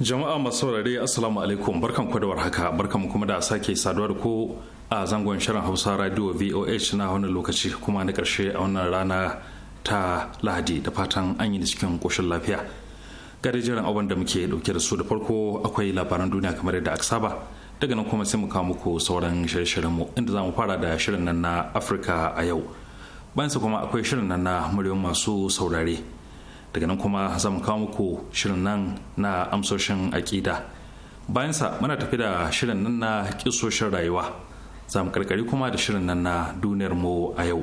jama'a masu saurare assalamu alaikum barkan ku da warhaka barkan mu kuma da sake saduwa da ku a zangon shirin hausa radio voh na wannan lokaci kuma na karshe a wannan rana ta lahadi da fatan an yi cikin koshin lafiya gare jiran abin da muke dauke da su da farko akwai labaran duniya kamar yadda aka saba daga nan kuma sai mu kawo muku sauran shirye-shiryen mu inda za mu fara da shirin nan na afirka a yau bayan kuma akwai shirin nan na muryoyin masu saurare daga nan kuma za mu kawo muku shirin nan na amsoshin aƙida bayansa muna tafi da shirin nan na ƙisoshin rayuwa za mu karkari kuma da shirin nan na duniyar mu a yau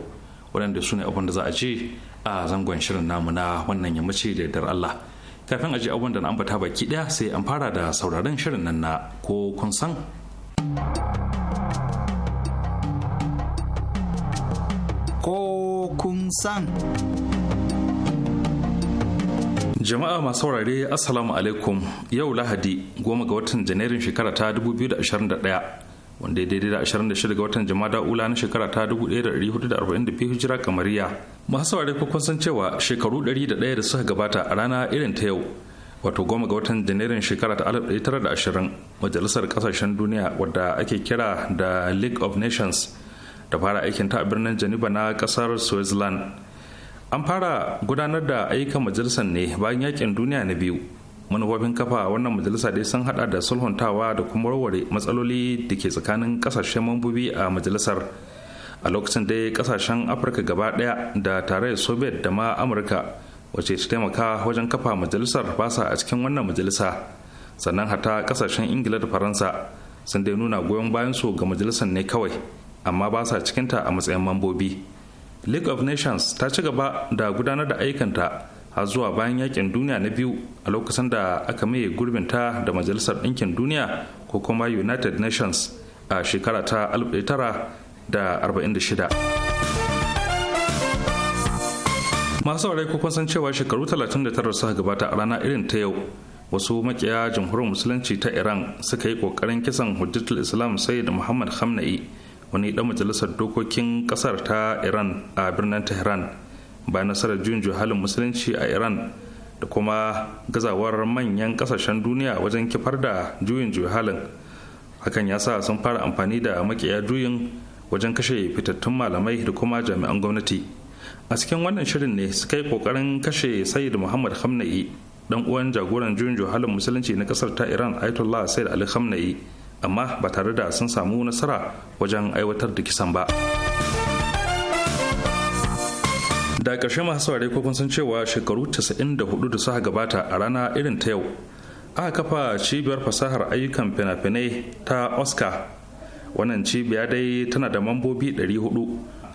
waɗanda su ne abin da za a ji a zangon shirin namu na wannan yammaci da yardar Allah kafin a ji abin da na ambata baki ɗaya sai an fara da sauraron shirin nan na ko kun san ko kun san Jama'a masu saurare Assalamu alaikum yau Lahadi goma ga watan Janairun shekara ta 2021 wanda daidai da 26 ga watan Jama'a ula na shekara ta 1442 hijira kamariya. Masu saurare ko kun san cewa shekaru 101 da suka gabata a rana irin ta yau wato goma ga watan Janairun shekara ta 1920 majalisar kasashen duniya wadda ake kira da League of Nations da fara aikin ta a birnin Geneva na kasar Switzerland. an fara gudanar da ayyukan majalisar ne bayan yakin duniya na biyu manufofin kafa wannan majalisa dai sun hada da sulhuntawa da kuma warware matsaloli da ke tsakanin kasashen mambobi a majalisar a lokacin dai kasashen afirka gaba daya da tare soviet da ma amurka wace ta taimaka wajen kafa majalisar basa a cikin wannan majalisa sannan hata kasashen ingila da faransa sun dai nuna goyon bayan su ga majalisar ne kawai amma ba sa cikinta a matsayin mambobi league of nations ta ci gaba da gudanar da aikanta a zuwa bayan yakin duniya na biyu a lokacin da aka maye gurbinta da majalisar ɗinkin duniya ko kuma united nations a shekara ta 1946 masu aure ko kun san cewa shekaru 39 suka gabata a rana irin ta yau wasu makiya jamhuriyar musulunci ta iran suka yi kokarin kisan hujjatul islam sayyid muhammad khamenei wani dan majalisar dokokin kasar ta iran a birnin tehran bayan nasarar juyin halin musulunci a iran da kuma gazawar manyan kasashen duniya wajen kifar da juyin halin hakan ya sa sun fara amfani da makiya juyin wajen kashe fitattun malamai da kuma jami'an gwamnati a cikin wannan shirin ne suka yi kokarin kashe sayyid muhammad hamna'i dan uwan jagoran juyin halin musulunci na kasar ta iran ayatollah sayyid ali hamna'i amma ba tare da sun samu nasara wajen aiwatar da kisan ba da ƙarshe masu saurare ko kun san cewa shekaru 94 da suka gabata a rana irin ta yau aka kafa cibiyar fasahar ayyukan fina-finai ta oscar wannan cibiya dai tana da mambobi 400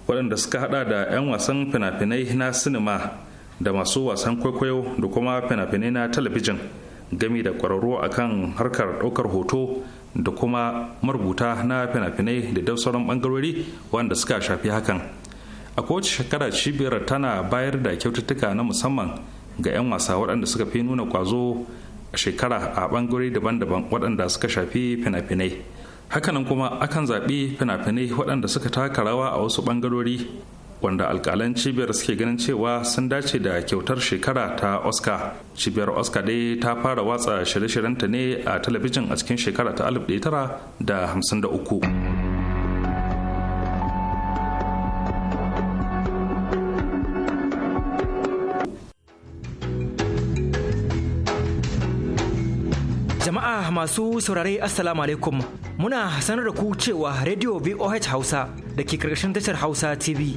waɗanda suka hada da 'yan wasan fina-finai na sinima da masu wasan kwaikwayo da kuma fina-finai na talabijin gami da ƙwararru akan harkar ɗaukar hoto da kuma marubuta na fina-finai da dab sauran bangarori wanda suka shafi hakan a kowace shekara cibiyar tana bayar da kyaututtuka na musamman ga 'yan wasa waɗanda suka fi nuna kwazo a shekara a bangarori daban-daban waɗanda suka shafi fina-finai hakanan kuma akan zaɓi fina-finai waɗanda suka taka rawa a wasu bangarori wanda alkalan cibiyar suke ganin cewa sun dace da kyautar shekara ta oscar cibiyar oscar dai ta fara watsa shirye-shiryenta ne a talabijin a cikin shekara ta 1953 Jama'a masu saurare Assalamu alaikum muna sanar da ku cewa Radio VOH Hausa da ke karkashin tashar Hausa TV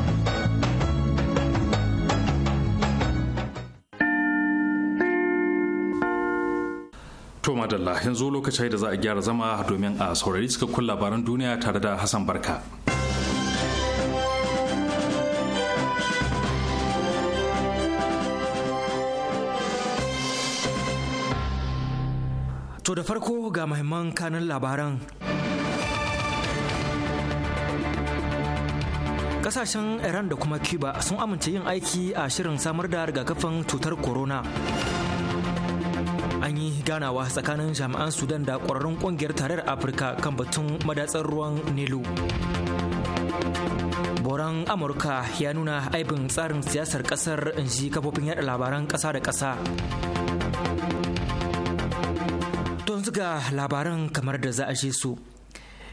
To madalla yanzu lokaci da za a gyara zama domin a saurari cikakkun labaran duniya tare da Hassan Barka. To da farko ga mahimman kanan labaran. Kasashen Iran da kuma Cuba sun amince yin aiki a shirin samar da rigakafin cutar corona. an yi ganawa tsakanin jami'an sudan da ƙwararrun ƙungiyar tarayyar afirka kan batun madatsar ruwan nilu boran amurka ya nuna aibin tsarin siyasar kasar inji kafofin yada labaran ƙasa da ƙasa. don zuga labaran kamar da za a je su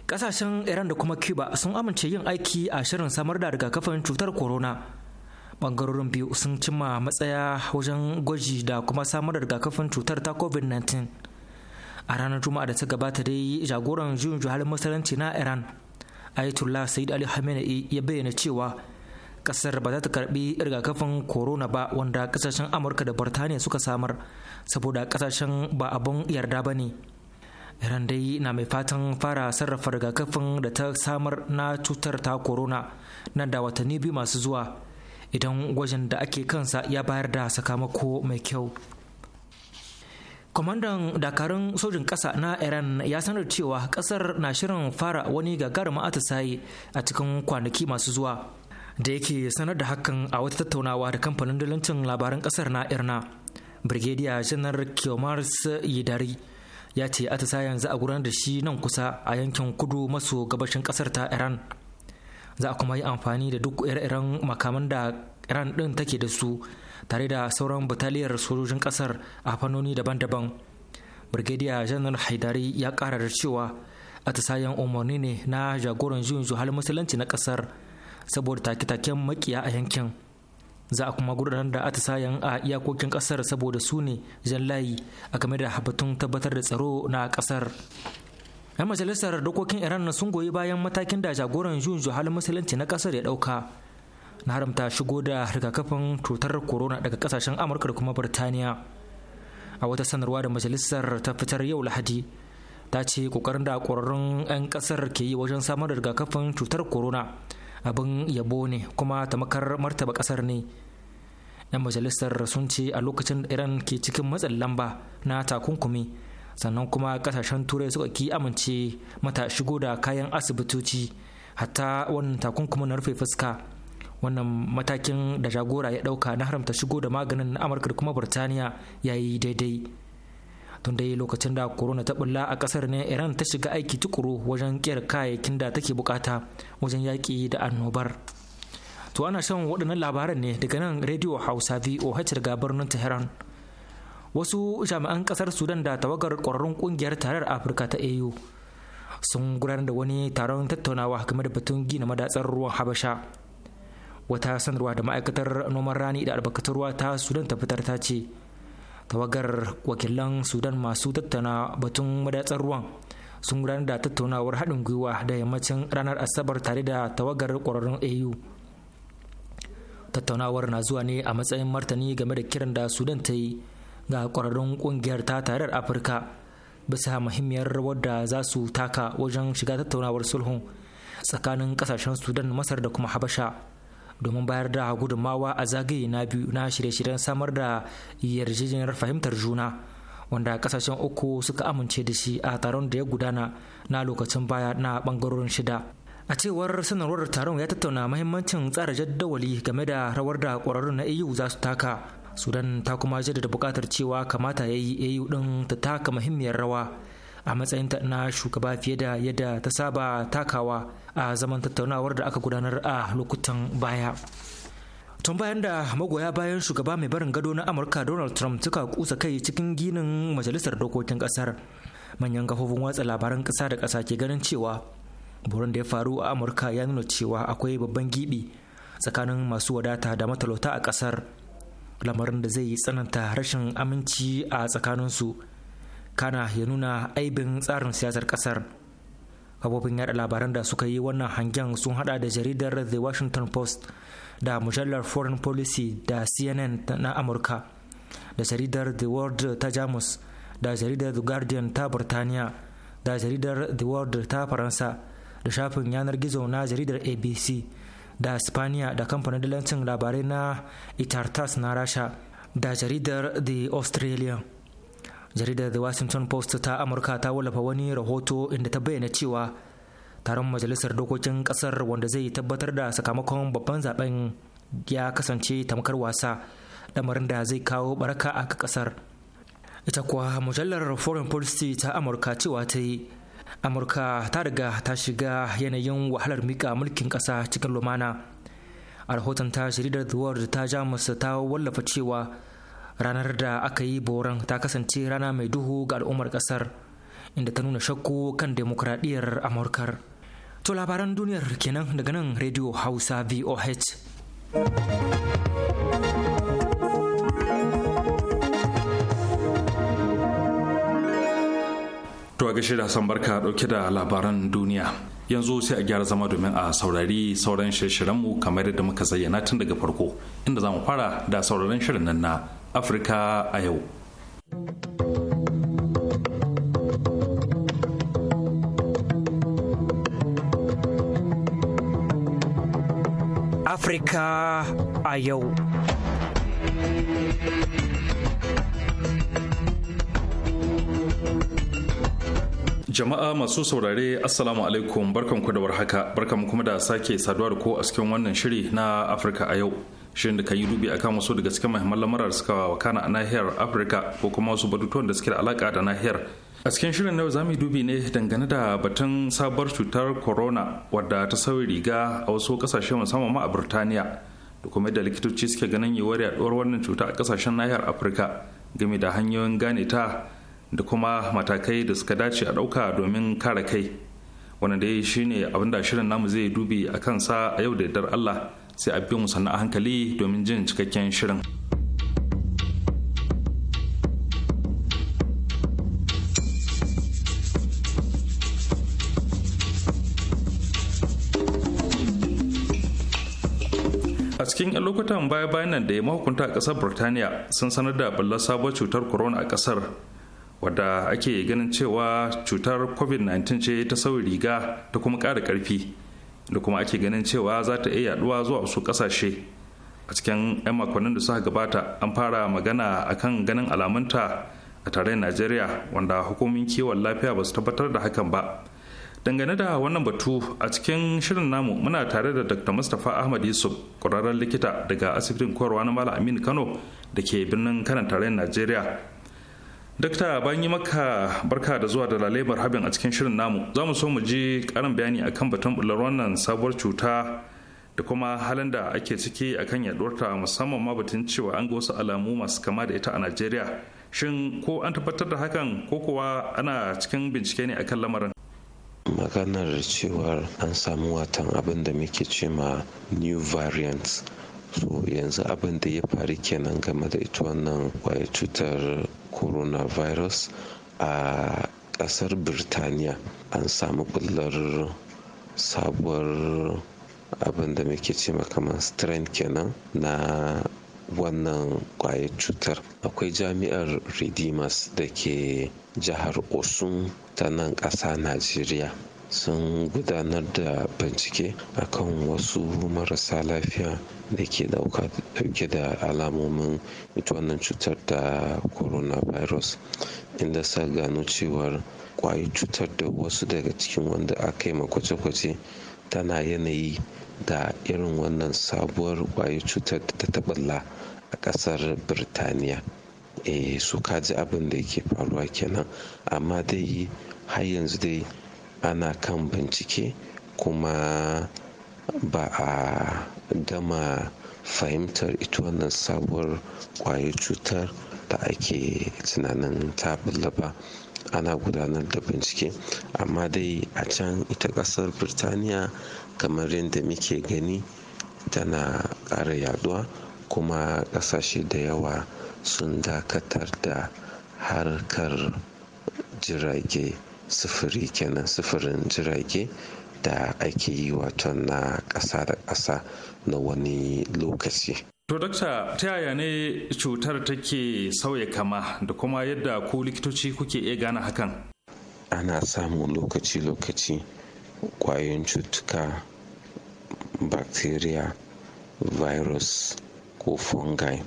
kasashen iran da kuma cuba sun amince yin aiki a shirin samar da rigakafin cutar corona bangarorin biyu sun cimma matsaya wajen gwaji da kuma samar da rigakafin cutar ta covid-19 a ranar juma'a da ta gabata dai jagoran juyin juhalin masaranci na iran ayatollah said ali khamenei ya bayyana cewa kasar ba za ta karbi rigakafin corona ba wanda kasashen amurka da birtaniya suka samar saboda kasashen ba abun yarda ba ne iran dai na mai fatan fara sarrafa rigakafin da ta samar na cutar ta corona nan da watanni biyu masu zuwa idan gwajin da ake kansa ya bayar da sakamako mai kyau kwamandan dakarun sojin ƙasa na iran ya sanar cewa ƙasar na shirin fara wani gagarumin atisaye a cikin kwanaki masu zuwa da yake sanar da hakan a wata tattaunawa da kamfanin dalancin labaran ƙasar na irna brigadier janar kiomars yidari ya ce atisayen za a gudanar da shi nan kusa a yankin kudu maso gabashin ƙasar ta iran za a kuma yi amfani da duk ire-iren makaman da iran din take da su tare da sauran bataliyar sojojin kasar a fannoni daban-daban brigadier janar haidari ya kara da cewa atisayen umarni ne na jagoran juyin zuhal musulunci na kasar saboda take-taken makiya a yankin za a kuma gudanar da atisayen a iyakokin kasar saboda su ne jan layi a game da batun tabbatar da tsaro na kasar. 'yan majalisar dokokin iran na sun goyi bayan matakin da jagoran jun juhalin musulunci na kasar ya dauka na haramta shigo da rigakafin cutar corona daga kasashen amurka da kuma birtaniya a wata sanarwa da majalisar ta fitar yau lahadi ta ce kokarin da kwararrun 'yan kasar ke yi wajen samar da rigakafin cutar corona abin yabo ne kuma tamakar martaba kasar ne 'yan majalisar sun ce a lokacin da iran ke cikin matsin lamba na takunkumi sannan kuma kasashen turai suka ki amince mata shigo da kayan asibitoci hatta wannan takunkumin na rufe fuska wannan matakin da jagora ya dauka na haramta shigo da maganin na amurka da kuma burtaniya ya yi daidai tun dai lokacin da corona ta bulla a kasar ne iran ta shiga aiki tukuru wajen kera kayayyakin da take bukata wajen yaƙi da annobar to ana shan waɗannan labaran ne daga nan radio hausa voh daga birnin tehran wasu jami'an kasar sudan da tawagar kwararrun kungiyar tarar afirka ta au sun gudanar da wani taron tattaunawa game da batun gina madatsar ruwan habasha wata sanarwa da ma'aikatar noman rani da albarkatun ruwa ta sudan ta fitar ta ce tawagar wakilan sudan masu tattauna batun madatsar ruwan sun gudanar da tattaunawar haɗin gwiwa da yammacin ranar asabar tare da tawagar kwararrun au tattaunawar na zuwa ne a matsayin martani game da kiran da sudan ta yi ga kwararrun ƙungiyar ta tarar afirka bisa muhimmiyar rawar da za su taka wajen shiga tattaunawar sulhun tsakanin kasashen sudan masar da kuma habasha domin bayar da gudummawa a zagaye na biyu na shirye-shiryen samar da yarjejeniyar fahimtar juna wanda ƙasashen uku suka amince da shi a taron da ya gudana na lokacin baya na bangarorin shida a cewar sanarwar taron ya tattauna mahimmancin tsara jaddawali game da rawar da ƙwararrun na eu za su taka sudan ta kuma jaddada bukatar cewa kamata ya yi au din ta taka muhimmiyar rawa a matsayinta na shugaba fiye da yadda ta saba takawa a zaman tattaunawar da aka gudanar a lokutan baya tun bayan da magoya bayan shugaba mai barin gado na amurka donald trump suka kusa kai cikin ginin majalisar dokokin kasar manyan kafofin watsa labaran kasa da kasa ke ganin cewa burin da ya faru a amurka ya nuna cewa akwai babban gibi tsakanin masu wadata da matalauta a kasar lamarin da zai yi tsananta rashin aminci a tsakaninsu kana ya nuna aibin tsarin siyasar kasar kafofin yada labaran da suka yi wannan hangen sun hada da jaridar the washington post da mujallar foreign policy da cnn na amurka da jaridar the world ta jamus da jaridar the guardian ta burtaniya da jaridar the world ta faransa da shafin yanar gizo na jaridar abc da spaniya da kamfanin dalancin labarai na itartas na rasha da jaridar the australian jaridar the washington post ta amurka ta wallafa wani rahoto inda ta bayyana cewa taron majalisar dokokin kasar wanda zai tabbatar da sakamakon babban zaben ya kasance tamkar wasa lamarin da zai kawo baraka a kasar ita kuwa mujallar foreign policy ta amurka cewa ta yi amurka ta riga ta shiga yanayin wahalar mika mulkin ƙasa cikin lumana a rahoton ta shirida the world ta jamus ta wallafa cewa ranar da aka yi boran ta kasance rana mai duhu ga al'ummar ƙasar inda ta nuna shakku kan demokradiyyar amurkar to labaran duniyar kenan daga nan radio hausa voh daga da Hassan Barka dauke da labaran duniya. Yanzu sai a gyara zama domin a saurari sauran shirye-shiryenmu kamar yadda muka zayyana tun daga farko inda za mu fara da sauraron shirin nan na Afirka a yau. Afirka a yau. Jama'a masu saurare Assalamu alaikum barkanku da warhaka barkanku kuma da sake saduwa da ko a cikin wannan shiri na Afirka a yau. Shirin da kan yi dubi akan wasu daga cikin muhimman lamarar suka wakana a nahiyar Afirka ko kuma wasu batutuwan da suke da alaka da nahiyar. A cikin shirin na yau za dubi ne dangane da batun sabuwar cutar corona wadda ta sauyi riga a wasu kasashe musamman ma a Burtaniya da kuma da likitoci suke ganin yiwuwar yaduwar wannan cuta a kasashen nahiyar Afirka game da hanyoyin gane ta da kuma matakai da suka dace a ɗauka domin kare kai wanda dai shine abin da shirin namu zai dubi a kansa a yau da yardar Allah sai a biyu mu sannan hankali domin jin cikakken shirin. cikin 'yan lokutan baya-bayan nan da ya mahukunta a ƙasar burtaniya sun sanar da ballar sabuwar cutar corona a ƙasar wadda ake ganin cewa cutar covid-19 ce ta sauyi riga ta kuma kara karfi da kuma ake ganin cewa za ta iya yaduwa zuwa wasu kasashe a cikin 'yan makonnin da suka gabata an fara magana akan ganin alamunta a tare najeriya wanda hukumin kiwon lafiya ba su tabbatar da hakan ba dangane da wannan batu a cikin shirin namu muna tare da dr mustapha ahmad yusuf ƙwararren likita daga asibitin koyarwa na malam aminu kano da ke birnin kanan tarayyar najeriya Dokta bayan yi maka barka da zuwa da lalebar habin a cikin shirin namu za mu so mu ji karin bayani akan batun bular wannan sabuwar cuta da kuma halin da ake ciki akan yaduwarta musamman ma batun cewa an ga wasu alamu masu kama da ita a Najeriya. Shin ko an tabbatar da hakan ko kuwa ana cikin bincike ne akan lamarin? Maganar cewar an samu watan abin da muke ce ma new variant so yanzu abin da ya faru kenan game da ita wannan kwayar cutar coronavirus a kasar birtaniya an samu bullar sabuwar abin da muke ce kamar strain kenan na wannan kwayar cutar akwai jami'ar redeemers da ke jihar osun ta nan ƙasa najeriya sun gudanar da bincike a kan wasu marasa lafiya da ke dauke da alamomin ita wannan cutar da coronavirus inda sa gano cewar kwayi cutar da wasu daga cikin wanda aka yi makwace-kwace tana yanayi da irin wannan sabuwar kwayi cutar da ta balla a ƙasar birtaniya e su kaji abin da ke faruwa kenan amma dai har yanzu dai ana kan bincike kuma ba a gama fahimtar ita wannan sabuwar kwayar cutar da ake tunanin ta ba ana gudanar da bincike amma dai a can ita ƙasar birtaniya kamar yadda muke gani tana ƙara yaduwa kuma ƙasashe da yawa sun dakatar da harkar jirage sufuri kenan sufurin jirage da ake yi wato na ƙasa da ƙasa na wani lokaci To dokta ta yaya ne cutar take sauya kama da kuma yadda ku likitoci kuke iya gane hakan? Ana samun lokaci-lokaci kwayoyin cutuka, bacteria, virus ko fungi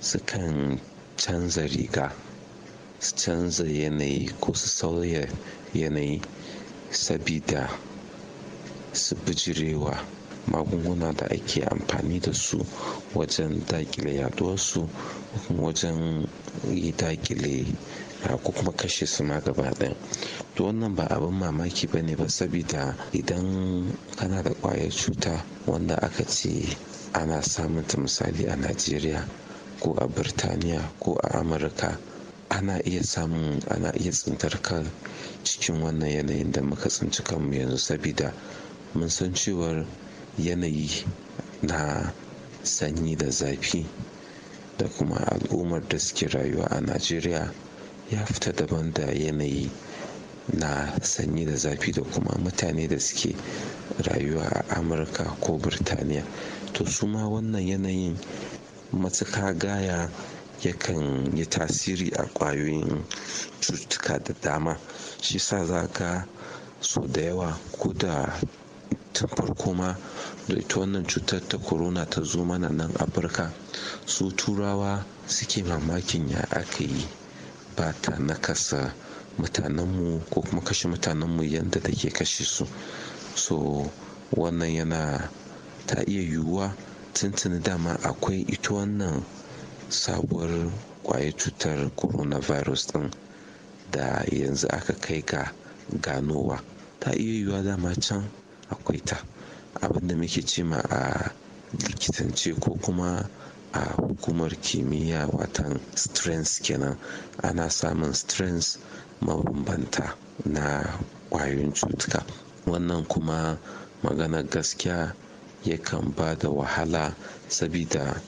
sukan canza riga su canza yanayi ko su sauya yanayi sabida su bijirewa magunguna da ake amfani da su wajen dakile yaduwarsu wajen yi dakile ah, ko kuma kashe su ma gaba ɗaya to wannan ba abin mamaki ba ne ba sabida idan kana da ƙwayar cuta wanda aka ce ana samun ta misali a najeriya ko a birtaniya ko a amurka ana iya samun ana iya tsintar kan cikin wannan yanayin da muka tsinci kanmu yanzu sabida mun san cewar yanayi na sanyi da zafi da kuma al'ummar da suke rayuwa a najeriya ya fita daban da yanayi na sanyi da zafi da kuma mutane da suke rayuwa a amurka ko birtaniya to su ma wannan yanayin matuka gaya yakan yi tasiri a ƙwayoyin cututtuka da dama shi sa za ka so da yawa ko da tun farko ma da ita wannan cutar ta corona ta zo mana nan afirka su turawa suke mamakin ya aka yi ba ta nakasa mutanenmu ko kuma kashe mutanenmu yadda take kashe su so wannan yana ta iya yiwuwa tuntuni dama akwai ita wannan sabuwar kwayar cutar coronavirus ɗin da yanzu aka kai ga ganowa ta iya yiwuwa dama can akwai ta abinda muke cema a likitance ko kuma a hukumar kimiyya watan strength kenan ana samun strength mabambanta na kwayoyin cutuka wannan kuma maganar gaskiya yakan ba da wahala sabida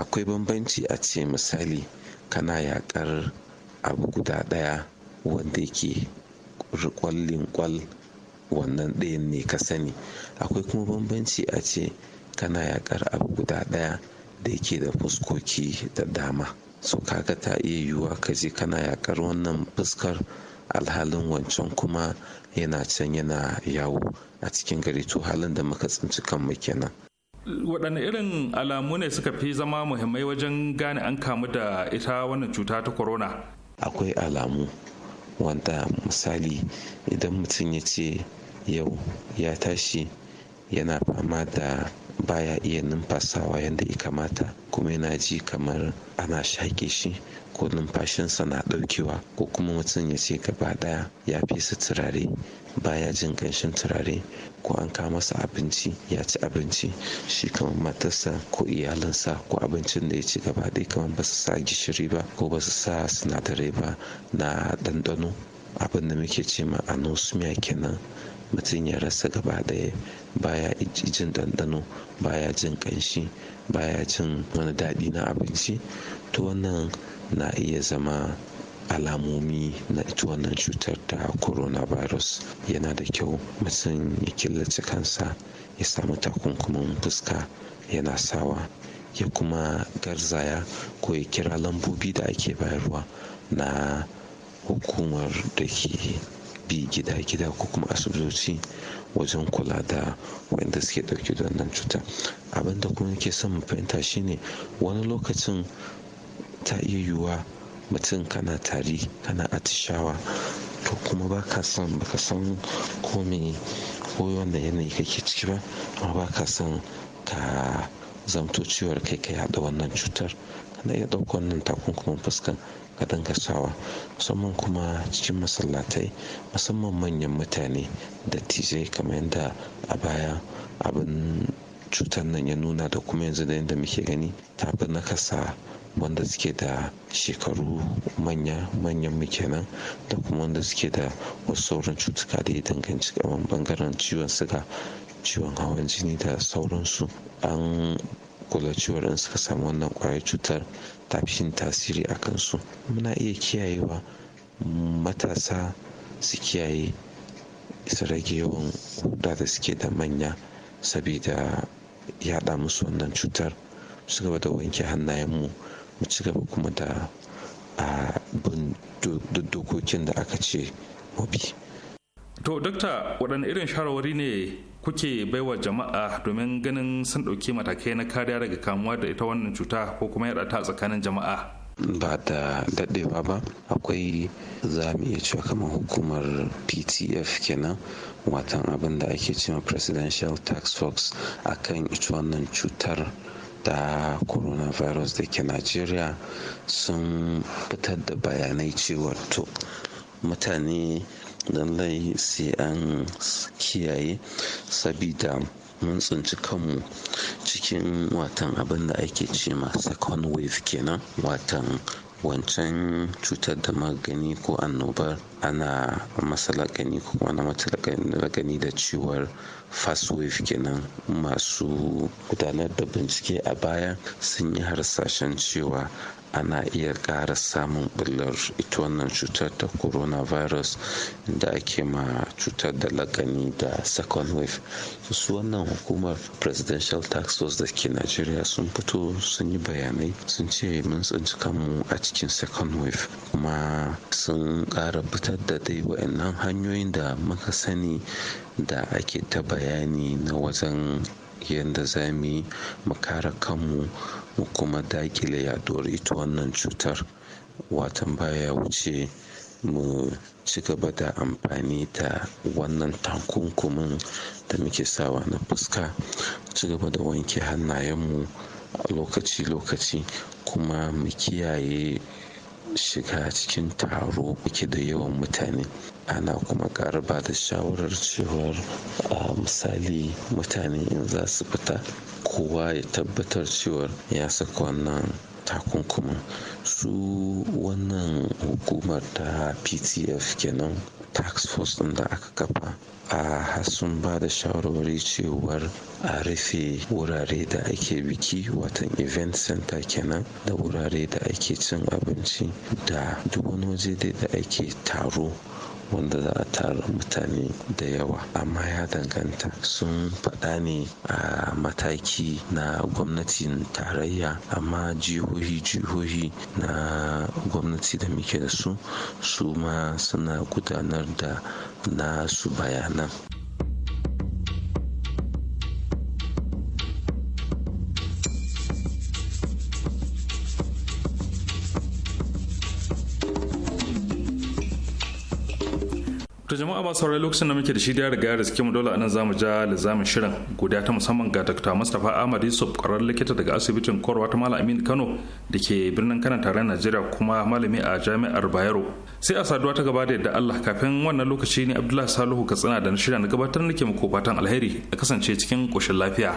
akwai bambanci a ce misali kana yaƙar abu guda ɗaya wanda yake rikwallin kwal wannan ɗayan ne ka sani akwai kuma bambanci a ce kana yaƙar abu guda ɗaya da yake da fuskoki da dama so kaga ta iya yiwuwa ka je kana yaƙar wannan fuskar alhalin wancan kuma yana can yana yawo a cikin gari to halin da muka tsinci kanmu kenan waɗanne irin alamu ne suka fi zama muhimmai wajen gane an kamu da ita wannan cuta ta corona akwai alamu wanda misali idan mutum ya ce yau ya tashi yana fama da baya iya numfasawa yadda ya kamata kuma yana ji kamar ana shaƙe shi ko numfashinsa na ɗaukewa ko kuma mutum ya ce gaba ɗaya ya su turare baya jin ƙanshin turare ko an kama masa abinci ya ci abinci shi kamar matarsa ko iyalinsa ko abincin da ya ci gaba ɗaya kamar ba su sa gishiri ba ko ba su sa sinadarai ba na ɗanɗano abin da muke ce ma anosmia kenan mutum ya rasa gaba ɗaya baya jin ɗanɗano baya jin ƙanshi baya jin wani daɗi na abinci to wannan na iya zama alamomi na ita wannan cutar ta coronavirus yana da kyau mutum ya killace kansa ya samu takunkumin fuska yana sawa ya kuma garzaya ko ya kira lambobi da ake bayarwa na hukumar da ke bi gida-gida ko kuma asibitoci wajen kula da wanda suke dauke da wannan cuta abinda kuma ke son mu fahimta shine wani lokacin ta iya yiwuwa mutum kana tari kana atishawa to kuma ba ka son ba ka san ko me ko wanda yanayi kake ciki ba amma ba ka son ka zamto ciwar kai ka yada wannan cutar kana iya ɗauka wannan takunkumin fuskan ka dinga sawa musamman kuma cikin masallatai musamman manyan mutane da tije kamar yadda a baya abin cutar nan ya nuna da kuma yanzu da yadda muke gani tafi fi nakasa wanda suke da shekaru manya manyan mu kenan da kuma wanda suke da wasu sauran cutuka da ya danganci kaman bangaren ciwon suga ciwon hawan jini da sauransu an kula cewar in suka samu wannan kwayar cutar tafi yin tasiri a kansu muna iya kiyayewa matasa su kiyaye su rage yawan kuda da suke da manya sabida yada musu wannan cutar su gaba da wanke hannayenmu mu ci gaba kuma da a bin dokokin da aka ce mu bi to dokta waɗanne irin shawarwari ne kuke baiwa jama'a domin ganin sun ɗauki matakai na kariya daga kamuwa da ita wannan cuta ko kuma yaɗa ta tsakanin jama'a ba da daɗewa ba akwai za mu iya cewa kamar hukumar ptf kenan watan abin da ake cewa presidential tax force akan ita wannan cutar ta coronavirus da ke najeriya sun fitar da bayanai cewar to mutane lallai sai an kiyaye sabida mun tsinci kanmu cikin watan abin da ake ce ma second wave kenan watan wancan cutar da magani ko annobar ana gani ko wani gani da ciwar fast wave kenan masu gudanar da bincike a baya sun yi harsashen cewa ana iya ƙara samun ɓullar ita wannan cutar ta coronavirus da ake ma cutar da lakani da second wave su wannan hukumar presidential tax force da ke najeriya sun fito sun yi bayanai sun ce mun tsinci kanmu a cikin second wave kuma sun ƙara fitar da dai wa'annan hanyoyin da muka sani da ake ta bayani na wajen yadda za mu yi mu kare kanmu kuma dakile yaduwar ita wannan cutar watan baya wuce mu ci gaba da amfani da wannan takunkumin da muke sawa na fuska ci gaba da wanke hannayenmu a lokaci-lokaci kuma mu kiyaye shiga cikin taro ke da yawan mutane ana kuma ƙara ba da shawarar cewar a misali mutane in za su fita kowa ya tabbatar cewar ya saka wannan takunkumin su wannan hukumar ta ptf kenan tax force ɗin da aka kafa a sun ba da shawarwari cewar a rufe wurare da ake biki watan event center kenan da wurare da ake cin abinci da duk wani waje dai da ake taro wanda za a tara mutane da yawa amma ya danganta sun faɗa ne a mataki na gwamnatin tarayya amma jihohi-jihohi na gwamnati da muke da su su ma suna gudanar da nasu bayanan masu saurari lokacin da muke da shi da riga ya riske mu dole za zamu ja lizamin shirin guda ta musamman ga Dr. Mustapha Ahmad Yusuf kwararren likita daga asibitin Korwa ta Malam Amin Kano da ke birnin Kano tare Najeriya kuma malami a Jami'ar Bayero. Sai a saduwa ta gaba da yadda Allah kafin wannan lokaci ne Abdullahi Salihu Katsina da na shirya na gabatar nake muku fatan alheri a kasance cikin koshin lafiya.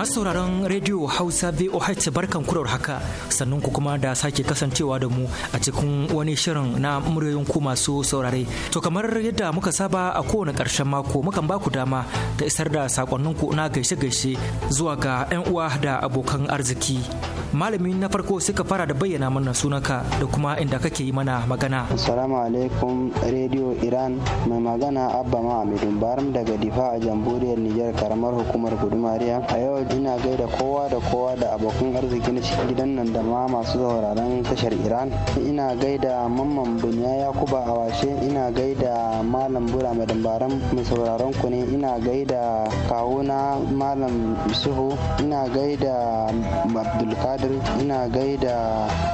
Masu sauraron rediyo Hausa VOH barkan kurar haka sannan ku kuma da sake kasancewa da mu a cikin wani shirin na muryoyin ku masu saurare. To kamar yadda muka saba a kowane karshen mako mukan ba ku dama ta isar da sakonnin ku na gaishe-gaishe zuwa ga 'yan uwa da abokan arziki. Malami na farko suka fara da bayyana mana sunanka da kuma inda kake yi mana magana. Assalamu alaikum Radio Iran mai magana Abba Mahamidun Baram daga Difa a jamhuriyar niger karamar hukumar Gudumariya. A yau ina gaida kowa da kowa da abokan arziki na cikin gidan nan da ma masu sauraron tashar iran ina gaida mamman bunya yakuba washe ina gaida malam bura mai dambaran mai sauraron ku ne ina gaida kawuna malam suhu ina gaida abdulkadir ina gaida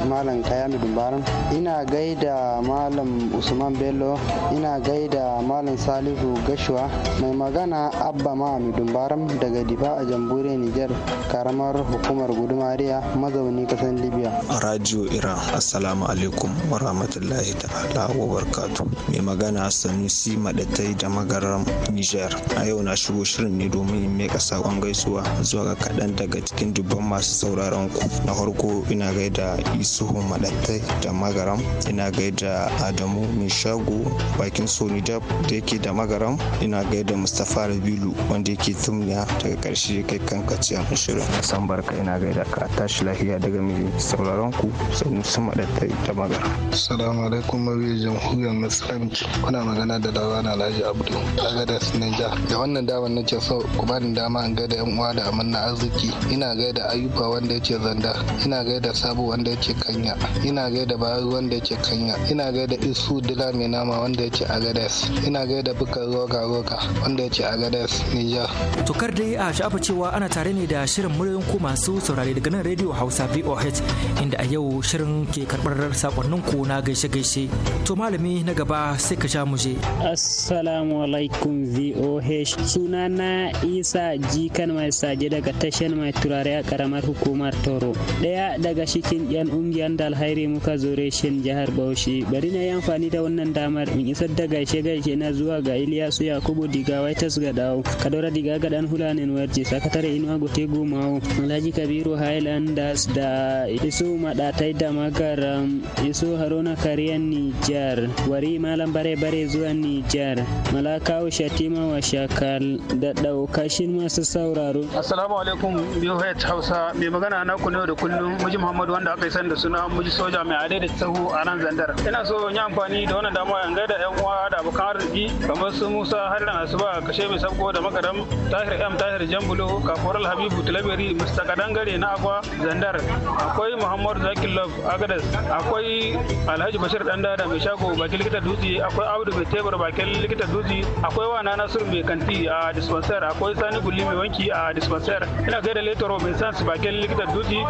malam mai dambaran ina gaida malam usman bello ina gaida malam salihu gashuwa mai magana abba mai dambaran daga diba a jamhuriyar Nijar karamar hukumar gudumariya mazauni kasar Libya. A Radio Iran Assalamu alaikum wa rahmatullahi ta'ala wa barkatu. Mai magana Sanusi Madatai da magaram Nijar. A yau na shigo shirin ne domin in mika sakon gaisuwa zuwa ga kaɗan daga cikin dubban masu sauraron ku. Na farko ina gaida Isuhu Madatai da magaram. Ina gaida Adamu shago bakin Sonidab da yake da magaram. Ina gaida Mustapha Rabilu wanda yake tumya daga karshe kai kan lokacin shirin san barka ina gaida ka tashi lafiya daga mai sauraron ku sanu sama da ta ita magana assalamu alaikum mawuyi jamhuriyar musulunci kuna magana da dawa na alhaji abdu daga da sinija da wannan damar na ce sau. ku bani dama in gada yan uwa da amanna arziki ina gaida ayuba wanda yake zanda ina gaida sabo wanda yake kanya ina gaida bayar wanda yake kanya ina gaida isu dila mai nama wanda yake agades ina gaida bukar roga roga wanda yake agades nijar. tokar dai a shafa cewa ana tare ne da shirin muryoyin ku masu saurare daga nan Radio Hausa VOH inda a yau shirin ke karbar sakonnin ku na gaishe-gaishe. To malami na gaba sai ka sha mu je. Assalamu alaikum VOH sunana Isa Jikan mai saje daga tashar mai turare a karamar hukumar Toro. Daya daga cikin yan ungiyar da alhairi muka zo shin jihar Bauchi. Bari na yi amfani da wannan damar in isar da gaishe-gaishe na zuwa ga Iliyasu Yakubu Digawa ta ga dawo. Kadora Diga ga dan Hulanin waje sakatare gote gumawo alhaji kabiru highlanders da isu madatai da makaram isu haruna kariyar nijar wari malam bare bare zuwa nijar malakawo shatima wa shakal da daukashin masu sauraro assalamu alaikum bihohet hausa mai magana na ku da kullum muji muhammadu wanda aka yi san da suna muji soja mai adai da tsaho a nan zandar ina so yi amfani da wannan dama yanga da yan uwa da abokan arziki kamar su musa harin asuba kashe mai sabko da makaram tahir m tahir jambulo kafin Kwamaral Habibu Talabiri Mr. Kadangare na akwa Zandar akwai Muhammadu Zakir Love Agadas akwai Alhaji Bashir Dandada mai shago bakin likita dutse akwai Abdu mai tebur bakin likita dutse akwai nana sur mai kanti a dispenser akwai Sani Gulli mai wanki a dispenser ina gaida Letoro mai sans bakin likita dutse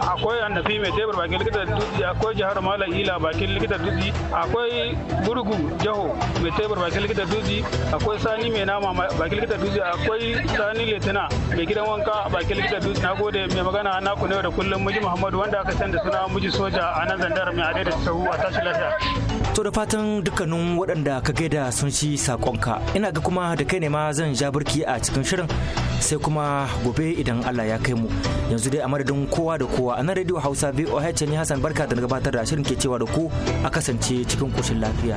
akwai Annafi mai tebur bakin likita dutse akwai Jihar Malam Ila bakin likita dutse akwai Gurgu Jaho mai tebur bakin likita dutse akwai Sani mai nama bakin likita dutse akwai Sani Letina mai gidan wanka a bakin likita dutse na gode mai magana na ku ne da kullum muji muhammadu wanda aka san da suna muji soja a nan zandar mai adai da sahu a tashi lafiya to da fatan dukkanin waɗanda ka gaida sun ci sakonka ina ga kuma da kai ne ma zan ja birki a cikin shirin sai kuma gobe idan Allah ya kai mu yanzu dai a madadin kowa da kowa a nan radio hausa voh ne hassan barka da na gabatar da shirin ke cewa da ku a kasance cikin koshin lafiya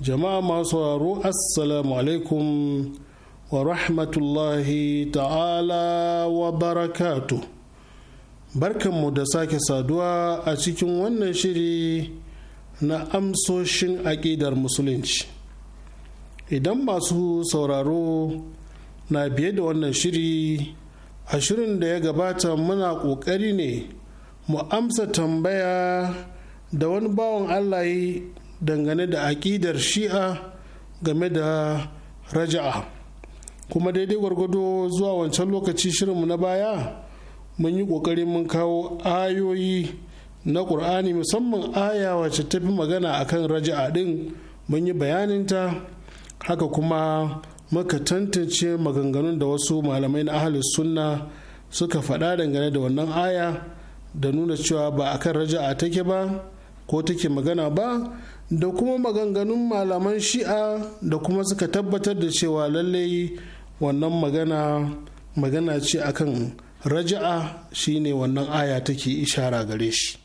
jama'a masu sauraro assalamu alaikum wa rahmatullahi ta'ala wa barakatu barkanmu da sake saduwa a cikin wannan shiri na amsoshin aƙidar musulunci idan masu sauraro na biye da wannan shiri a shirin da ya gabata muna ƙoƙari ne mu amsa tambaya da wani bawan allah dangane da aƙidar shi'a game da raja'a kuma daidai gwargwado zuwa wancan lokaci shirinmu na baya mun yi ƙoƙarin mun kawo ayoyi na ƙur'ani musamman aya wacce ta fi magana a kan raja'a ɗin mun yi bayaninta haka kuma muka tantance maganganun da wasu malamai na ahalin sunna suka faɗa dangane da wannan aya da nuna cewa ba akan raja'a take ba ko take magana ba da kuma maganganun malaman shi'a da kuma suka tabbatar da cewa lallai wannan magana magana ce akan raja'a shine wannan aya take ishara gare shi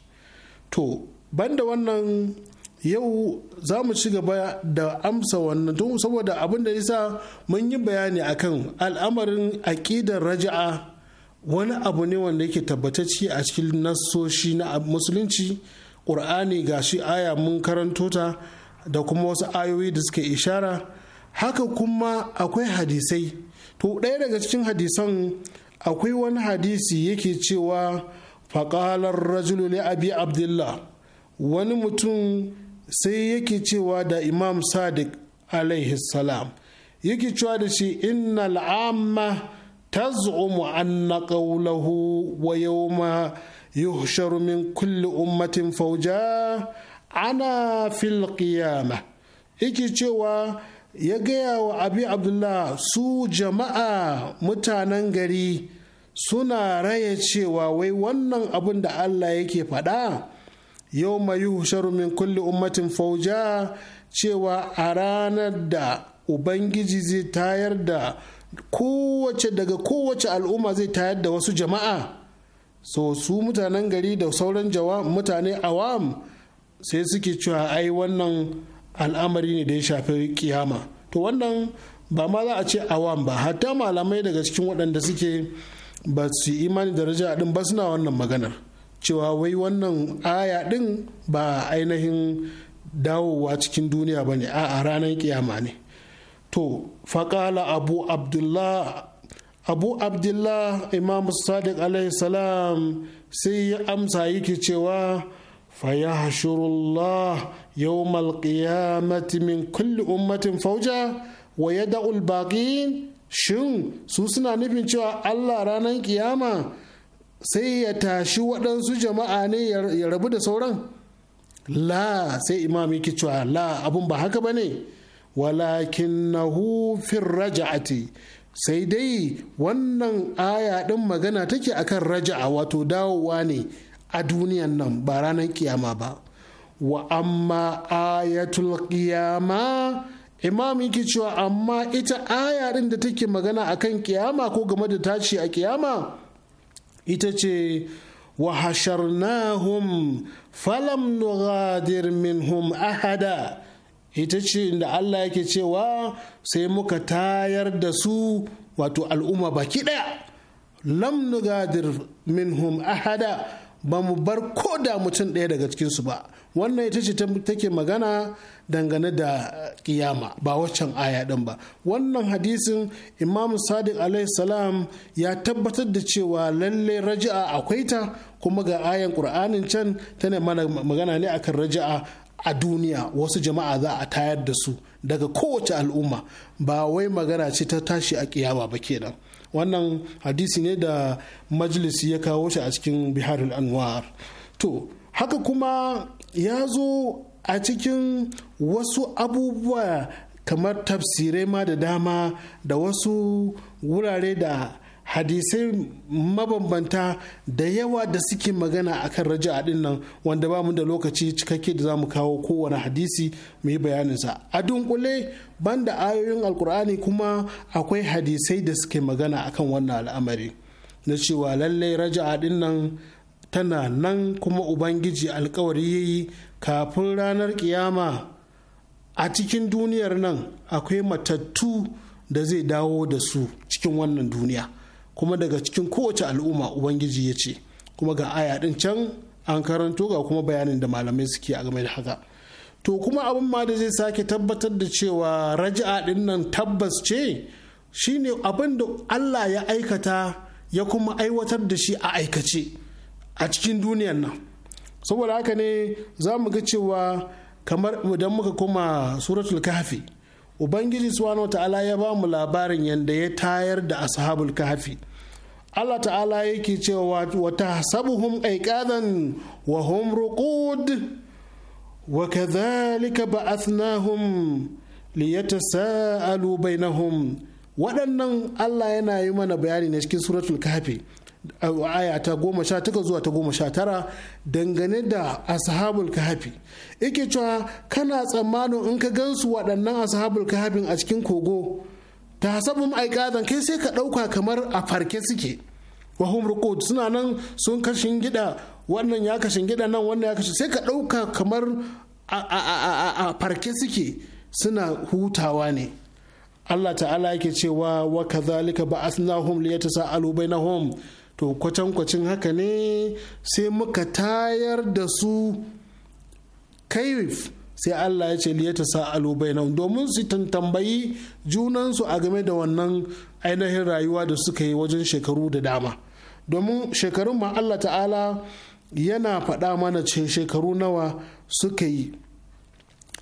to banda wannan yau za mu ci gaba da amsa wannan tun saboda abin da yasa mun yi bayani akan al'amarin aƙidar raja'a wani abu ne wanda yake tabbatacce a cikin nasoshi na musulunci ƙur'ani ga shi aya mun karanto ta da kuma wasu ayoyi da suke ishara haka kuma akwai hadisai to ɗaya daga cikin hadisan akwai wani hadisi yake cewa faƙalar rajulu ne abi abdullah wani mutum sai yake cewa da imam sadiq alaihi salam yake cewa da shi innal amma taz'umu anna qawluhu wa yawma yuhsharu min kulli ummatin fauja ana fil qiyama yake cewa ya gaya wa abi abdullah su jama'a mutanen gari suna raya cewa wai wannan abun da allah yake faɗa yau mai yuhsharu min kulli ummatin fauja cewa a ranar da ubangiji zai tayar da kowace daga kowace al'umma zai tayar da wasu jama'a so su mutanen gari da sauran mutane awam sai suke cewa ai wannan al'amari ne da ya shafi kiyama to wannan ba ma za a ce awam ba hatta malamai daga cikin waɗanda suke ba su imani daraja raja din ba suna wannan maganar cewa wai wannan aya ɗin ba ainihin dawowa cikin duniya ba ne a ranar kiyama ne to faƙala abu abdullah abu abdullah imam sadiq alaihi salam sai ya amsa yake cewa fayahshurullah yawmal qiyamati min kulli ummatin fauja wa da'ul baqin shin su suna nufin cewa Allah ranar kiyama sai ya tashi waɗansu jama'a ne ya rabu da sauran la sai imam yake cewa la abun ba haka bane walakinnahu fir raja'ati sai dai wannan aya ɗin magana take akan a wato dawowa ne a duniyan nan ba ranar kiyama ba wa amma ayatul kiyama imam yake cewa amma ita aya ɗin da take magana akan kiyama ko game da tashi a kiyama ita ce wa hasharnahum falam nughadir minhum ahada ita ce inda Allah yake cewa sai muka tayar da su wato al'umma baki ɗaya lam nugadir minhum ahada ba mu bar ko da mutum ɗaya daga cikinsu ba wannan ita ce take magana dangane da kiyama ba waccan aya ɗin ba wannan hadisin imam sadiq salam ya tabbatar da cewa lalle raja'a akwai ta kuma ga ayan ƙur'anin can tana magana ne akan raja'a a duniya wasu jama'a za a tayar da su daga kowace al'umma ba wai magana ce ta tashi a kiyama ba kenan wannan hadisi ne da majalis ya kawo shi a cikin bihar anwar to haka kuma ya zo a cikin wasu abubuwa kamar tafsirai ma da dama da wasu wurare da hadisai mabambanta da yawa da suke magana akan raja'a din nan wanda ba mu da lokaci cikakke da za mu kawo kowane hadisi mu yi bayaninsa a dunkule ban da ayoyin alkur'ani kuma akwai hadisai da suke magana akan wannan al'amari na cewa lallai raja'a din nan tana nan kuma ubangiji alkawari ya yi kafin ranar kiyama a cikin duniyar nan akwai matattu da zai dawo da su cikin wannan duniya kuma daga cikin kowace al'umma ubangiji ya ce kuma ga aya din can an karanto ga kuma bayanin da malamai suke a game da haka to kuma abin ma da zai sake tabbatar da cewa raja'a din nan tabbas ce shine abin da Allah ya aikata ya kuma aiwatar da shi a aikace a cikin duniyan nan saboda haka ne za mu ga cewa kamar idan muka koma suratul kahfi ubangiji subhanahu ta'ala ya ba mu labarin yadda ya tayar da ashabul kahfi Allah ta'ala yake cewa wa tahsabuhum aiqadan wa hum ruqud wa kadhalika ba'athnahum liyatasaalu bainahum waɗannan Allah yana yi mana bayani ne cikin suratul kahfi aya ta goma sha taka zuwa ta goma sha tara dangane da ashabul kahafi yake cewa kana tsammanin in ka gansu waɗannan ashabul kahafin a cikin kogo ta hasabin aikazan kai sai ka ɗauka kamar a farke suke wahum rukud suna nan sun kashin gida wannan ya kashin gida nan wannan ya kashin sai ka ɗauka kamar a farke suke suna hutawa ne Allah ta'ala yake cewa wa kazalika ba'athnahum liyatasaalu bainahum to kwacankwacin haka ne sai muka tayar da su kaif sai Allah ya ce liyata sa'alu bainahum domin su tambayi junansu a game da wannan ainihin rayuwa da suka yi wajen shekaru da dama domin shekarun ma Allah ta'ala yana faɗa mana ce shekaru nawa suka yi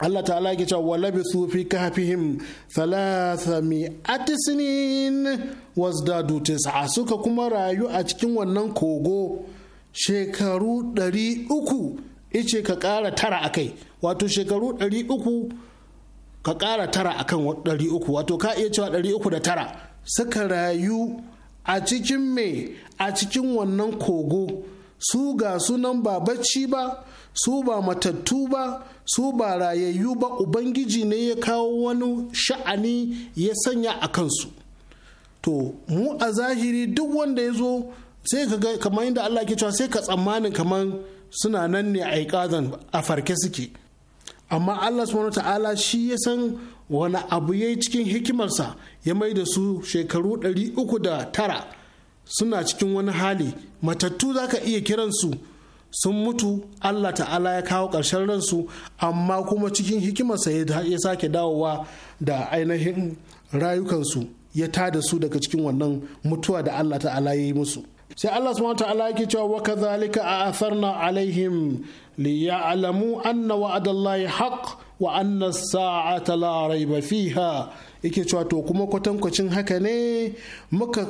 Allah ta'ala yake cewa wa labithu fi kahfihim thalathami'ati sinin wasdadu tis'a suka kuma rayu a cikin wannan kogo shekaru ɗari uku ice ka ƙara tara a kai wato shekaru ɗari uku ka ƙara tara a kan ɗari uku wato ka iya cewa ɗari uku da tara suka rayu a cikin me a cikin wannan kogo su ga sunan ba bacci ba su ba matattu ba su ba rayayyu ba ubangiji ne ya kawo wani sha'ani ya sanya a kansu to mu a zahiri duk wanda ya zo sai ka kamar yadda Allah ke cewa sai ka tsammanin kamar suna nan ne a ikazan a farke suke amma Allah subhanahu ta'ala shi ya san wani abu ya yi cikin hikimarsa ya mai da su shekaru 309 suna cikin wani hali matattu za ka iya kiransu sun mutu Allah ta'ala ya kawo ƙarshen ransu amma kuma cikin hikimarsa ya sake dawowa da ainihin rayukansu ya tada su daga cikin wannan mutuwa da Allah ta'ala ya yi musu sai Allah subhanahu ta'ala yake cewa wa kadhalika a'atharna alaihim liya'lamu anna wa'adallahi haqq wa anna sa'ata la rayba fiha yake cewa to kuma kwatankwacin haka ne muka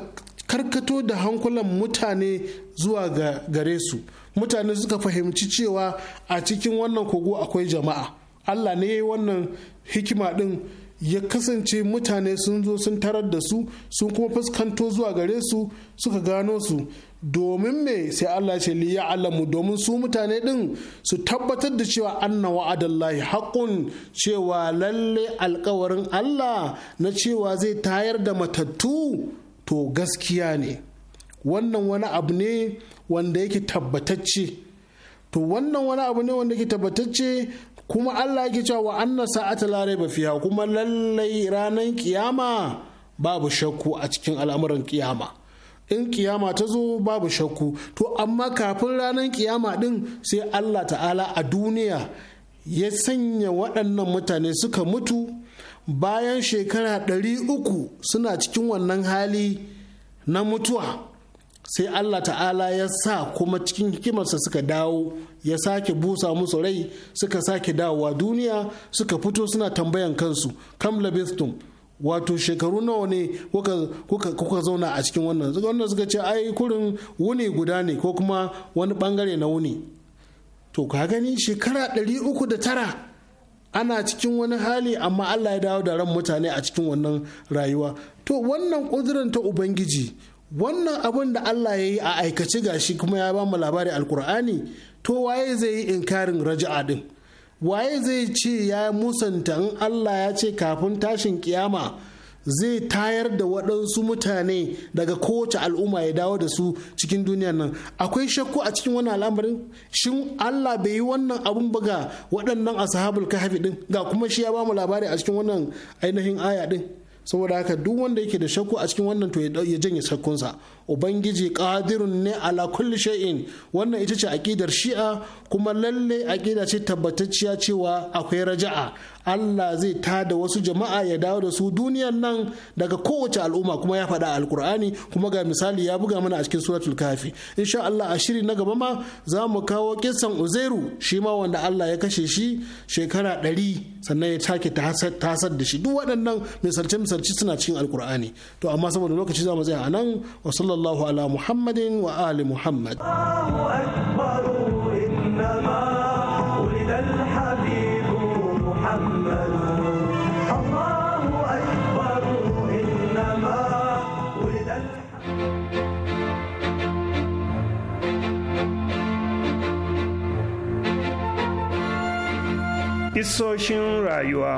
karkato da hankulan mutane zuwa ga gare su mutane suka fahimci cewa a cikin wannan kogo akwai jama'a allah ne ya yi wannan hikima din ya kasance mutane sun zo sun tarar da su sun kuma fuskanto zuwa gare su suka gano su domin me sai Allah ce liya alamu domin su mutane din su tabbatar da cewa anna wa'adallahi haqqun cewa lalle alkawarin Allah na cewa zai tayar da matattu to gaskiya ne wannan wani abu ne wanda yake tabbatacce to wannan wani abu ne wanda yake tabbatacce kuma Allah yake cewa wa anna sa'ata la raiba fiha kuma lallai ranar kiyama babu shakku a cikin al'amuran kiyama in kiyama ta zo babu shakku to amma kafin ranar kiyama din sai Allah ta'ala a duniya ya sanya waɗannan mutane suka mutu bayan shekara ɗari uku suna cikin wannan hali na mutuwa sai Allah ta'ala ya sa kuma cikin hikimarsa suka dawo ya sake busa musu rai suka sake dawowa duniya suka fito suna tambayan kansu kam labistum wato shekaru nawa ne kuka zauna a cikin wannan wannan suka ce ai kurin wuni guda ne ko kuma wani bangare na wuni to ka gani shekara ɗari uku da tara ana cikin wani hali amma Allah ya dawo da ran mutane a cikin wannan rayuwa to wannan ta ubangiji wannan abin da Allah ya yi a aikace shi kuma ya bamu mu labari alkur'ani to waye zai yi inkarin raja'a din waye zai ce ya musanta in Allah ya ce kafin tashin kiyama zai tayar da waɗansu mutane daga kowace al'umma ya dawo da su cikin duniya nan akwai shakku a cikin wannan al'amarin shin Allah bai yi wannan abun ba ga waɗannan ashabul kahfi din ga kuma shi ya bamu mu labari a cikin wannan ainihin aya din saboda haka duk wanda yake da shakku a cikin wannan to ya janye shakkunsa ubangiji ƙadirun ne ala kulli shay'in wannan ita ce aƙidar shi'a kuma lalle akida ce tabbatacciya cewa akwai raja'a Allah zai ta da wasu jama'a ya dawo da su duniyan nan daga kowace al'umma kuma ya faɗa alkur'ani kuma ga misali ya buga mana a cikin suratul kafi insha Allah a shiri na gaba ma za mu kawo kisan uzairu shi ma wanda Allah ya kashe shi shekara ɗari sannan ya take tasar da shi duk waɗannan misalce misalce suna cikin alkur'ani to amma saboda lokaci za mu tsaya a nan wa الله على محمد وآل محمد الله أكبر إنما ولد الحبيب محمد الله أكبر إنما ولد Isoshin rayuwa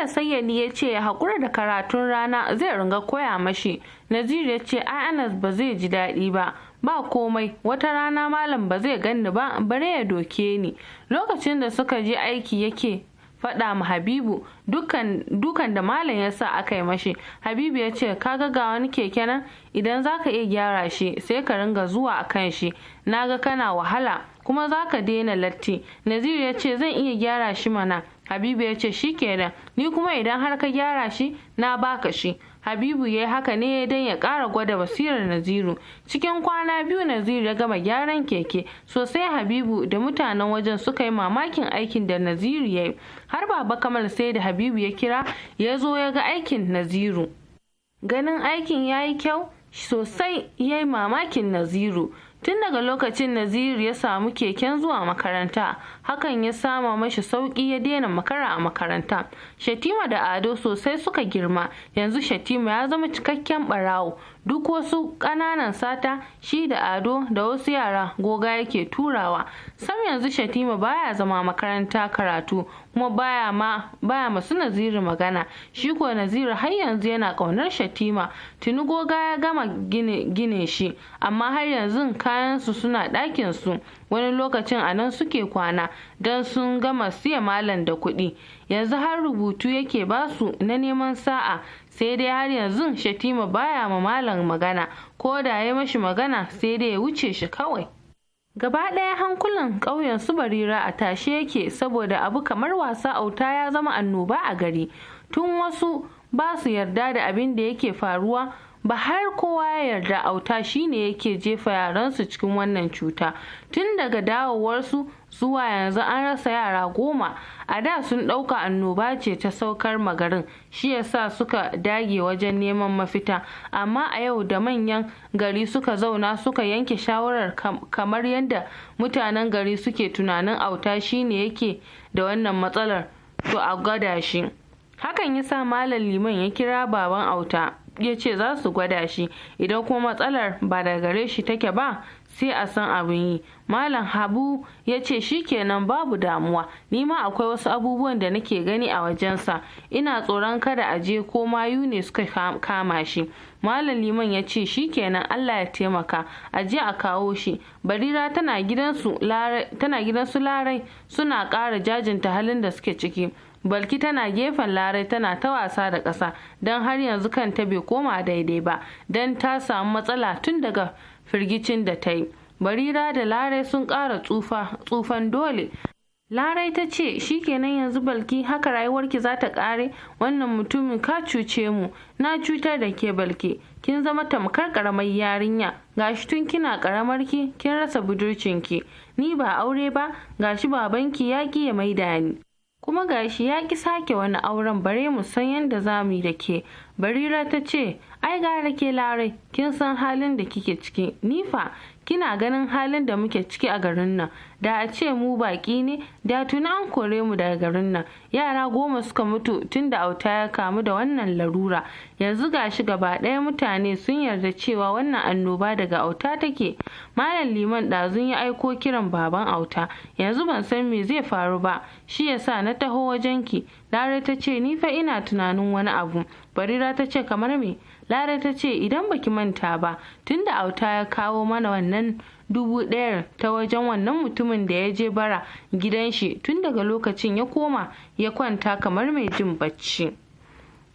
da sayyadi ya ce ya haƙura da karatun rana zai ringa koya mashi naziru ya ce ai anas ba zai ji daɗi ba ba komai wata rana malam ba zai ganni ba bare ya doke ni lokacin da suka je aiki yake faɗa ma habibu dukan da malam ya sa aka yi mashi habibu ya ce kaga ga wani keke nan idan za ka iya gyara shi sai ka ringa zuwa a kan shi na ga kana wahala kuma za ka daina latti naziru ya ce zan iya gyara shi mana habibu ya ce shi kenan ni kuma idan har ka gyara shi na baka shi habibu ya yi haka ne don ya ƙara gwada basirar naziru cikin kwana biyu naziru ya gama gyaran keke sosai habibu da mutanen wajen suka yi mamakin aikin da naziru ya yi har baba kamal sai da habibu ya kira ya zo ya ga aikin naziru ganin aikin ya yi kyau sosai ya yi mamakin naziru tun daga lokacin naziru ya samu keken zuwa makaranta hakan ya sama mashi sauƙi ya daina makara a makaranta shatima da ado sosai suka girma yanzu shatima ya zama cikakken barawo duk wasu ƙananan sata shi da ado da wasu yara goga yake turawa sam yanzu shatima baya zama makaranta karatu kuma baya ma baya masu naziru magana shi ko naziru har yanzu yana ƙaunar shatima tuni goga ya gama gine, shi amma har yanzu kayan su suna ɗakinsu. wani lokacin a nan suke kwana don sun gama siya malam da kuɗi yanzu har rubutu yake ba su na neman sa'a sai dai har yanzu shatima baya ma malam magana ko da ya mashi magana sai dai ya wuce shi kawai gaba ɗaya hankulan ƙauyen su barira a tashe yake saboda abu kamar wasa auta ya zama annoba a gari tun wasu ba su yarda da abin da yake faruwa ba har kowa ya yarda auta shine yake jefa yaransu cikin wannan cuta tun daga dawowarsu zuwa yanzu an rasa yara goma a da sun ɗauka annoba ce ta saukar magarin shi yasa suka dage wajen neman mafita amma a yau da manyan gari suka zauna suka yanke shawarar kamar yadda mutanen gari suke tunanin auta shine yake da wannan matsalar to a gwada shi hakan yasa malam liman ya kira baban auta ya ce za su gwada shi idan kuma matsalar ba da gare shi take ba sai a san abin yi malam habu ya ce kenan babu damuwa ni ma akwai wasu abubuwan da nake gani a wajensa ina tsoron kada a je ko mayu ne suka kama shi malam liman ya ce kenan allah ya taimaka a je a kawo shi barira tana gidansu larai suna kara jajinta halin da suke ciki balki tana gefen larai tana ta wasa da ƙasa don har yanzu kanta bai koma daidai ba don ta samu matsala tun daga firgicin da ta yi barira da larai sun ƙara tsufan dole larai ta ce shikenan yanzu balki haka rayuwarki za ta ƙare wannan mutumin ka cuce mu na cutar da ke balki kin zama tamkar karamar yarinya gashi tun kina karamarki kin rasa budurcinki ni ba aure ba gashi babanki ya ki ya maida ni kuma gashi ya ki sake wani auren bare mu san yadda za mu yi da ke barira ta ce ai gara ke larai kin san halin da kike ciki nifa kina ganin halin da muke ciki a garin nan da a ce mu baƙi ne da tuni an kore mu daga garin nan yara goma suka mutu tun da auta ya kamu da wannan larura yanzu gashi gaba ɗaya mutane sun yarda cewa wannan annoba daga auta take malam liman ɗazun ya aiko kiran baban auta yanzu ban san me zai faru ba shi yasa na taho wajenki larai ta ce ni fa ina tunanin wani abu barira ta ce kamar me Lara ta ce idan baki manta ba tunda auta ya kawo mana wannan dubu ɗayar ta wajen wannan mutumin da ya je bara gidan shi tun daga lokacin ya koma ya kwanta kamar mai jin bacci.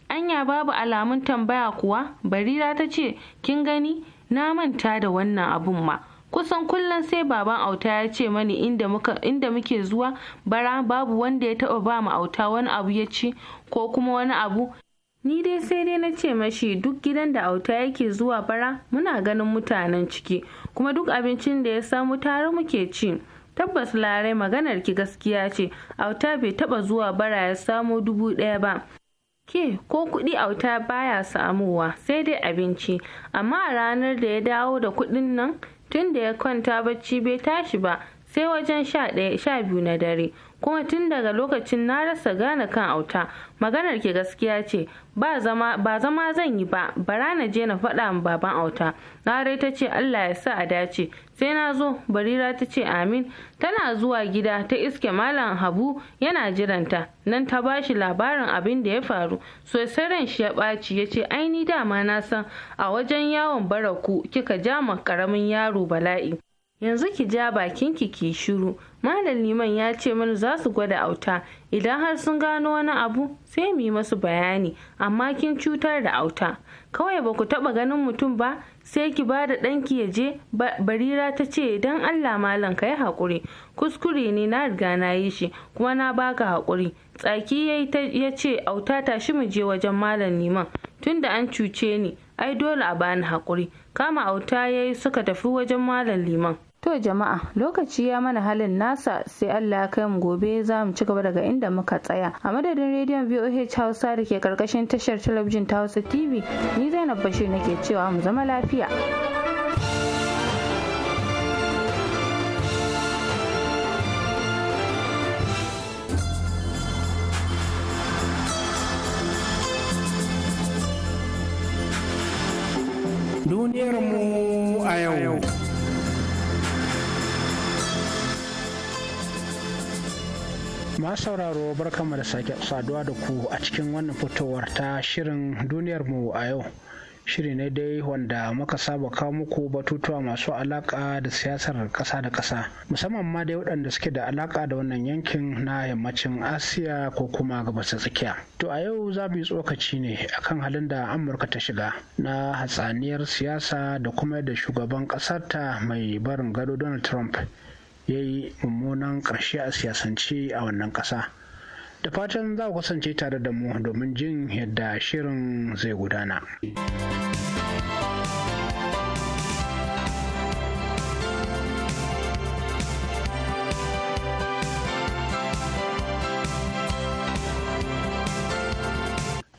Anya babu alamun tambaya kuwa barira ta ce kin gani na manta da wannan abun ma. kusan kullum sai baban auta ya ce mani inda muke zuwa bara babu wanda ya taɓa ba ma auta wani abu ya ci ko kuma wani abu ni dai sai dai na ce mashi duk gidan da auta yake zuwa bara muna ganin mutanen ciki kuma duk abincin da ya samu tare muke ci tabbas larai maganar ki gaskiya ce auta bai taba zuwa bara ya samo dubu ɗaya ba ke ko kuɗi auta baya samuwa sai dai abinci amma ranar da ya dawo da kuɗin nan tun da ya kwanta bacci bai tashi ba sai wajen sha biyu na dare kuma tun daga lokacin na rasa gane kan auta maganar ke gaskiya ce ba zama zan yi ba bara na je na faɗa ma baban auta Na rai ta ce allah ya sa a dace sai na zo barira ta ce amin tana zuwa gida ta iske malam habu yana jiranta nan ta ba shi labarin abin da ya faru sosai ran shi ya ɓaci ya ce ni dama na san a wajen yawon baraku kika jama ƙaramin yaro bala'i yanzu ki ja bakinki ki shiru malam liman ya ce mana za su gwada auta idan har sun gano wani abu sai mu yi masu bayani amma kin cutar da auta kawai ba ku taba ganin mutum ba sai ki ba da ɗanki ya je barira ta ce idan allah malam ka yi haƙuri kuskure ne na riga na yi shi kuma na baka haƙuri tsaki ya ce auta tashi mu je wajen malam liman tunda an cuce ni ai dole a bani haƙuri kama auta ya yi suka tafi wajen malam liman To jama'a lokaci ya mana halin nasa sai Allah ya kai mu gobe za mu ci gaba daga inda muka tsaya. A madadin rediyon VOH Hausa da ke karkashin tashar talabijin ta Hausa TV ni Zainab Bashir nake cewa mu zama lafiya. Duniyarmu a yau. Ma sauraro barkanmu da sake saduwa da ku a cikin wannan fitowar ta shirin duniyar mu a yau shiri ne dai wanda muka saba kawo muku batutuwa masu alaka da siyasar kasa da kasa musamman ma dai waɗanda suke da alaka da wannan yankin na yammacin asiya ko kuma gabas tsakiya to a yau za mu yi tsokaci ne akan halin da amurka ta shiga na hatsaniyar siyasa da kuma da shugaban ƙasarta mai barin gado donald trump ya yi mummunan ƙarshe a siyasance a wannan ƙasa da fatan za ku kasance tare da mu domin jin yadda shirin zai gudana.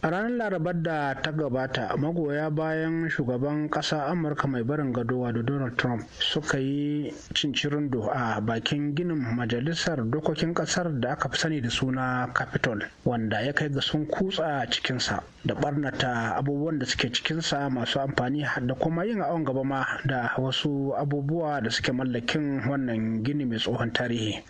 a ranar larabar da ta gabata magoya bayan shugaban ƙasa amurka mai barin gado da donald trump suka yi cincirindo a bakin ginin majalisar dokokin ƙasar da aka fi sani da suna capitol wanda ya kai ga sun kutsa cikinsa da barnata abubuwan da suke cikinsa masu amfani da kuma yin awon gaba ma da wasu abubuwa da suke mallakin wannan gini mai tsohon tarihi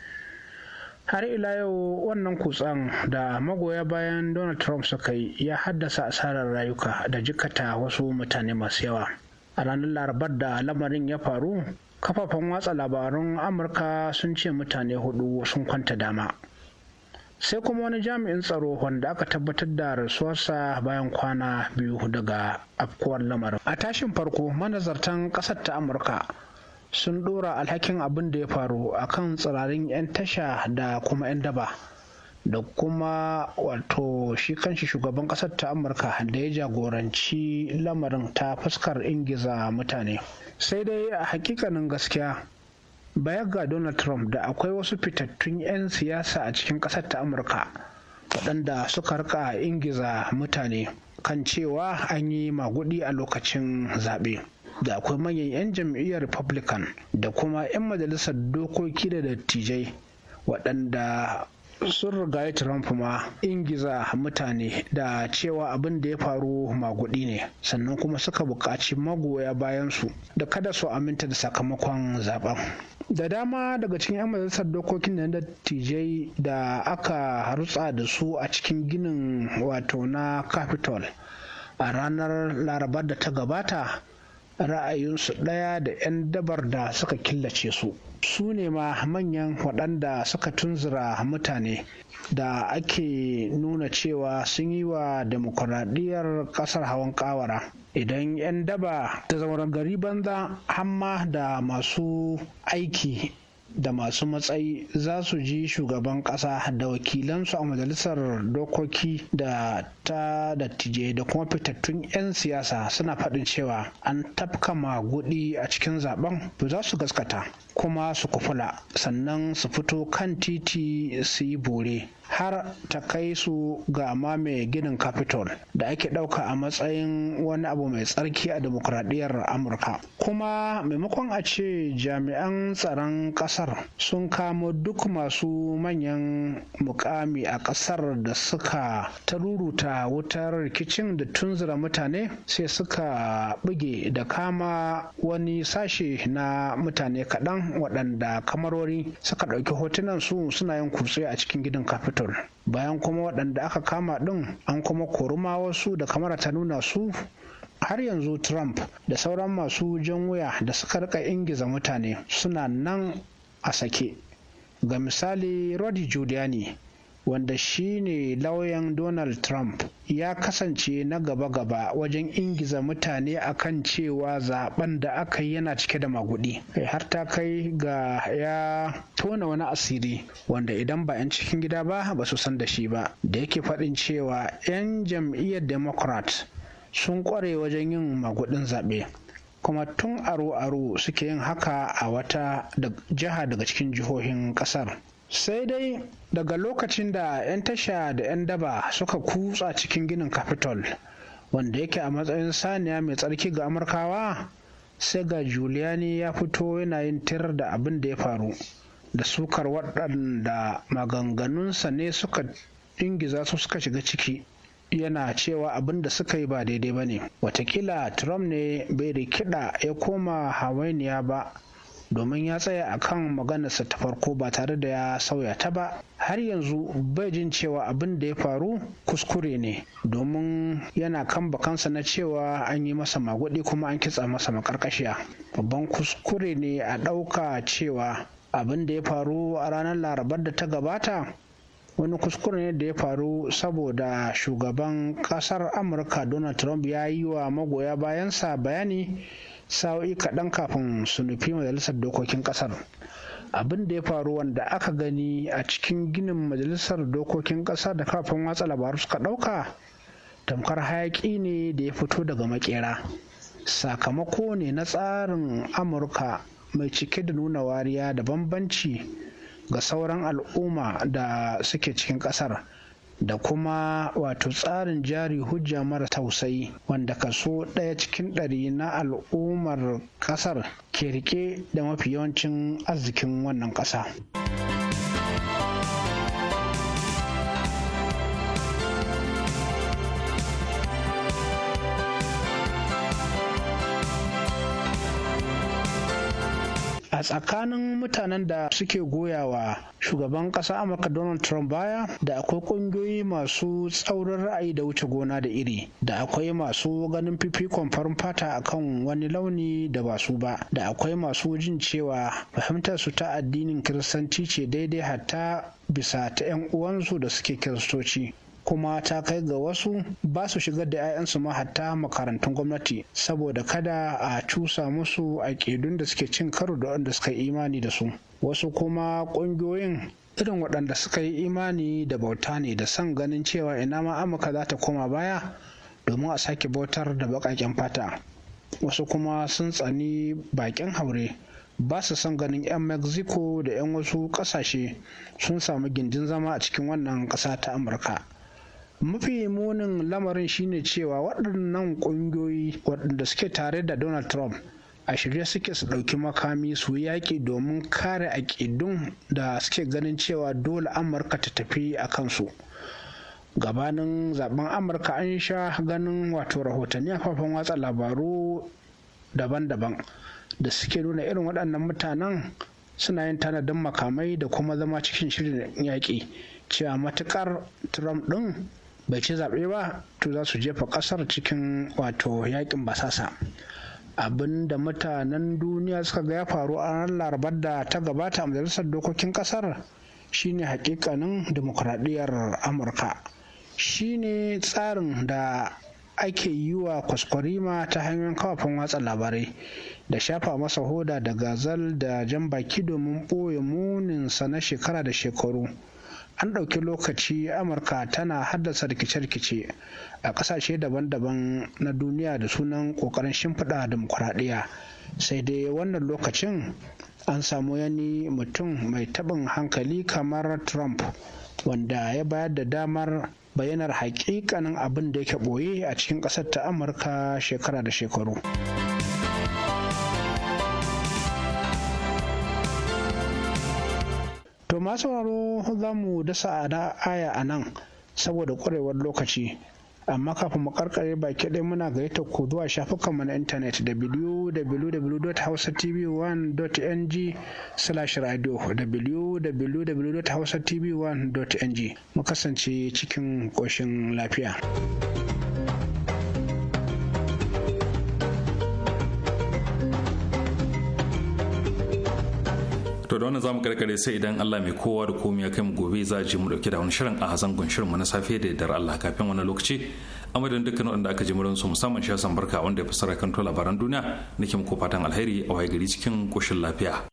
har ila yau wannan kutsan da magoya bayan donald trump suka yi ya haddasa asarar rayuka da jikata wasu mutane masu yawa a ranar larabar da lamarin ya faru kafafen watsa labarun amurka sun ce mutane hudu sun kwanta dama sai kuma wani jami'in tsaro wanda aka tabbatar da rasuwarsa bayan kwana biyu daga afkuwar lamarin a tashin farko manazartan ƙasar ta amurka sun ɗora alhakin abin da ya faru akan tsirarin 'yan tasha da kuma 'yan daba da kuma wato shi kanshi shugaban ƙasar ta amurka da ya jagoranci lamarin ta fuskar ingiza mutane sai dai a hakikanin gaskiya baya ga donald trump da akwai wasu fitattun 'yan siyasa a cikin ƙasar ta amurka waɗanda suka rika ingiza mutane kan cewa an yi magudi a lokacin zaɓe. da akwai manyan 'yan jam'iyyar republican da kuma 'yan majalisar dokoki da dattijai waɗanda sun rigaye Trump ma ingiza mutane da cewa abin da ya faru magudi ne sannan kuma suka buƙaci magoya bayansu da kada su aminta da sakamakon zaben. Da dama daga cikin 'yan majalisar dokokin da dattijai da aka rutsa da su a cikin ginin wato na Capitol a ranar larabar da ta gabata ra'ayinsu ɗaya da 'yan dabar da suka killace su su ne ma manyan waɗanda suka tunzura mutane da ake nuna cewa sun yi wa demokuraɗiyar ƙasar hawan ƙawara idan 'yan daba ta zama gari banza hamma da masu aiki da masu matsayi za su ji shugaban ƙasa da wakilansu a majalisar dokoki da ta dattijai da kuma fitattun 'yan siyasa suna faɗin cewa an tafka magudi a cikin zaben to za su gaskata kuma su kufula sannan su fito kan titi su yi bore har ta kai su ga mai ginin capitol da ake ɗauka a matsayin wani abu mai tsarki a demokradiyyar amurka kuma maimakon a ce jami'an tsaron ƙasar sun kamo duk masu manyan mukami a ƙasar da suka taruruta wutar rikicin da tunzura mutane sai suka buge da kama wani sashe na mutane kaɗan waɗanda kamarori suka ɗauki hotunan su suna yin kutse a cikin gidan capitol Washington. Bayan kuma waɗanda aka kama ɗin an kuma koruma wasu da kamara ta nuna su har yanzu Trump da sauran masu jan wuya da suka rika ingiza mutane suna nan a sake. Ga misali Rudy Giuliani wanda shi ne lauyan Donald Trump ya kasance na gaba-gaba wajen ingiza mutane akan cewa zaben da aka yi yana cike da magudi har ta kai ga ya tona wani asiri wanda idan ba 'yan cikin gida ba ba su san da shi ba da yake faɗin cewa 'yan jam'iyyar democrat sun kware wajen yin magudin zaɓe kuma tun aro-aro suke yin haka a wata jiha daga cikin jihohin ƙasar sai dai daga lokacin da 'yan tasha da 'yan daba suka kutsa cikin ginin capitol wanda yake a matsayin saniya mai tsarki ga amurkawa sai ga Juliani ya fito yana yin tirar da abin da ya faru da sukar waɗanda maganganunsa ne suka ingiza su suka shiga ciki yana cewa abin da suka yi ba daidai ba ne watakila trump ne bai rikida ya koma hawainiya ba domin ya tsaya a kan maganarsa ta farko ba tare da ya sauya ta ba har yanzu bai jin cewa abin da ya faru kuskure ne domin yana kan bakansa na cewa an yi masa magudi kuma an kitsa masa makarkashiya babban kuskure ne a ɗauka cewa abin da ya faru a ranar larabar da ta gabata wani kuskure ne da ya faru saboda shugaban kasar amurka donald trump ya yi wa magoya bayansa bayani sa'o'i kaɗan kafin su nufi majalisar dokokin ƙasar abin da ya faru wanda aka gani a cikin ginin majalisar dokokin ƙasa da kafin watsa labaru suka ɗauka tamkar hayaƙi ne da ya fito daga makera sakamako ne na tsarin amurka mai cike da nuna wariya da bambanci ga sauran al'umma da suke cikin ƙasar da kuma wato tsarin jari hujja mara tausayi wanda kaso ɗaya cikin ɗari na al'ummar ƙasar ke rike da mafi yawancin arzikin wannan ƙasa. tsakanin mutanen da suke goyawa shugaban ƙasa amurka donald trump baya da akwai ƙungiyoyi masu tsaurin ra'ayi da wuce gona da iri da akwai masu ganin fifikon farin fata akan wani launi da ba su ba da akwai masu jin cewa fahimtar su ta addinin kiristanci ce daidai hatta bisa ta 'yan uwansu da suke kiristoci kuma ta kai ga wasu ba su shigar da 'ya'yansu ma hatta makarantun gwamnati saboda kada a cusa musu a da suke cin karo da wanda suka yi imani da su wasu kuma ƙungiyoyin irin waɗanda suka yi imani da bauta ne da son ganin cewa ina ma amurka za ta koma baya domin a sake bautar da baƙaƙen fata wasu kuma sun tsani baƙin haure ba su son ganin 'yan mexico da 'yan wasu ƙasashe sun samu gindin zama a cikin wannan ƙasa ta amurka mafi munin lamarin shine cewa waɗannan ƙungiyoyi waɗanda suke tare da donald trump a shirye suke su ɗauki makami su yaƙi domin kare aƙidun da suke ganin cewa dole amurka ta tafi a kansu gabanin zaben amurka an sha ganin wato rahotanni a kafafen watsa labaru daban-daban da suke nuna irin waɗannan mutanen suna yin tanadin makamai da kuma zama cikin shirin yaƙi cewa matuƙar trump ɗin bai ci zaɓe ba to za su jefa ƙasar cikin wato yaƙin basasa abin da mutanen duniya suka ga ya faru a ranar larabar da ta gabata a majalisar dokokin ƙasar shine hakikanin dimokuraɗiyyar amurka shine tsarin da ake yi wa kwaskwarima ta hanyar kafafen watsa labarai da shafa masa hoda da gazal da jan baki domin ɓoye muninsa na shekara da shekaru an ɗauki lokaci amurka tana haddasa rikice-rikice a ƙasashe daban-daban na duniya da sunan ƙoƙarin shimfiɗa dimokuraɗiyya sai dai wannan lokacin an samu yani mutum mai taɓin hankali kamar trump wanda ya bayar da damar bayanar hakikanin abin da yake ɓoye a cikin ƙasar ta amurka shekara da shekaru. ma sauraro za mu dasa a aya a nan saboda ƙwarewar lokaci amma kafin mu karkare baki ɗaya muna gaita ku zuwa shafukanmu na intanet www.hausatv1.ng slash radio www.hausatv1.ng mu kasance cikin ƙoshin lafiya. to da wannan zamu karkare sai idan Allah mai kowa da komai ya kai mu gobe za ji mu dauke da wani shirin a zangon shirin mu na safe da dar Allah kafin wani lokaci a madadin dukkan wanda aka ji murin su musamman shasan barka wanda ya fassara kan labaran duniya nake muku fatan alheri a wai gari cikin koshin lafiya